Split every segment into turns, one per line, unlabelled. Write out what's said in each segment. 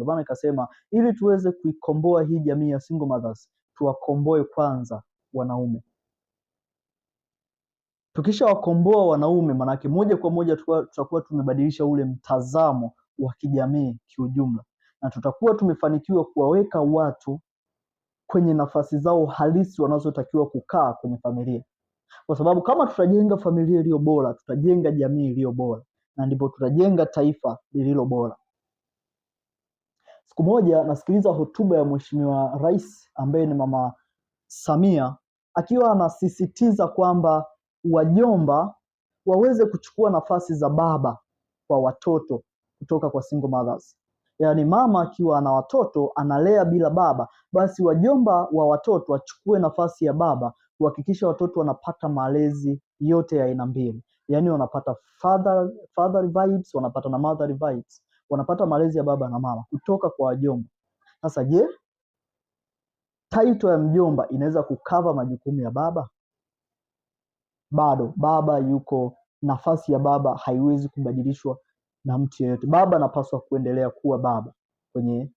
Ndio maana ikasema ili tuweze kuikomboa hii jamii ya single mothers, tuwakomboe kwanza wanaume. Tukishawakomboa wanaume, manake moja kwa moja tutakuwa tumebadilisha ule mtazamo wa kijamii kiujumla, na tutakuwa tumefanikiwa kuwaweka watu kwenye nafasi zao halisi wanazotakiwa kukaa kwenye familia, kwa sababu kama tutajenga familia iliyo bora, tutajenga jamii iliyo bora, na ndipo tutajenga taifa lililo bora. Siku moja nasikiliza hotuba ya Mheshimiwa Rais ambaye ni Mama Samia akiwa anasisitiza kwamba wajomba waweze kuchukua nafasi za baba kwa watoto kutoka kwa single mothers. Yaani mama akiwa ana watoto analea bila baba, basi wajomba wa watoto wachukue nafasi ya baba kuhakikisha watoto wanapata malezi yote ya aina mbili, yaani wanapata father, father vibes, wanapata na mother vibes wanapata malezi ya baba na mama kutoka kwa wajomba. Sasa je, taito ya mjomba inaweza kukava majukumu ya baba? Bado baba yuko, nafasi ya baba haiwezi kubadilishwa na mtu yeyote. Baba anapaswa kuendelea kuwa baba kwenye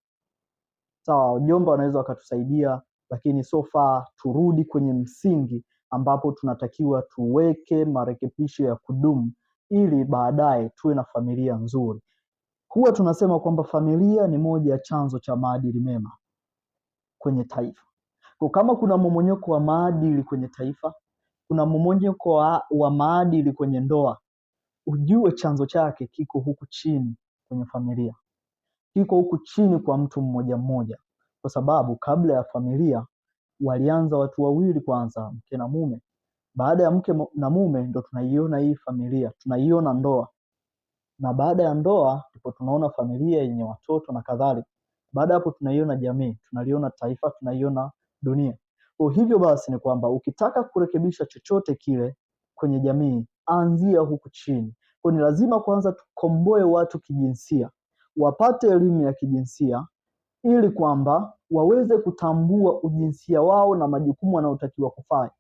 sawa. Wajomba wanaweza wakatusaidia, lakini so far turudi kwenye msingi ambapo tunatakiwa tuweke marekebisho ya kudumu ili baadaye tuwe na familia nzuri. Huwa tunasema kwamba familia ni moja ya chanzo cha maadili mema kwenye taifa. Kwa kama kuna mmomonyoko wa maadili kwenye taifa, kuna mmomonyoko wa, wa maadili kwenye ndoa, ujue chanzo chake kiko huku chini kwenye familia, kiko huku chini kwa mtu mmoja mmoja, kwa sababu kabla ya familia walianza watu wawili kwanza, mke na mume. Baada ya mke na mume ndo tunaiona hii familia, tunaiona ndoa, na baada ya ndoa ndipo tunaona familia yenye watoto na kadhalika. Baada hapo, tunaiona jamii, tunaliona taifa, tunaiona dunia. Kwa hivyo basi ni kwamba ukitaka kurekebisha chochote kile kwenye jamii, anzia huku chini. Kwa ni lazima kwanza tukomboe watu kijinsia, wapate elimu ya kijinsia ili kwamba waweze kutambua ujinsia wao na majukumu wanayotakiwa kufanya.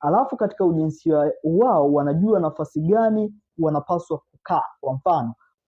Alafu katika ujinsia wao wanajua nafasi gani wanapaswa kukaa. Kwa mfano,